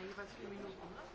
Jeweils vier Minuten.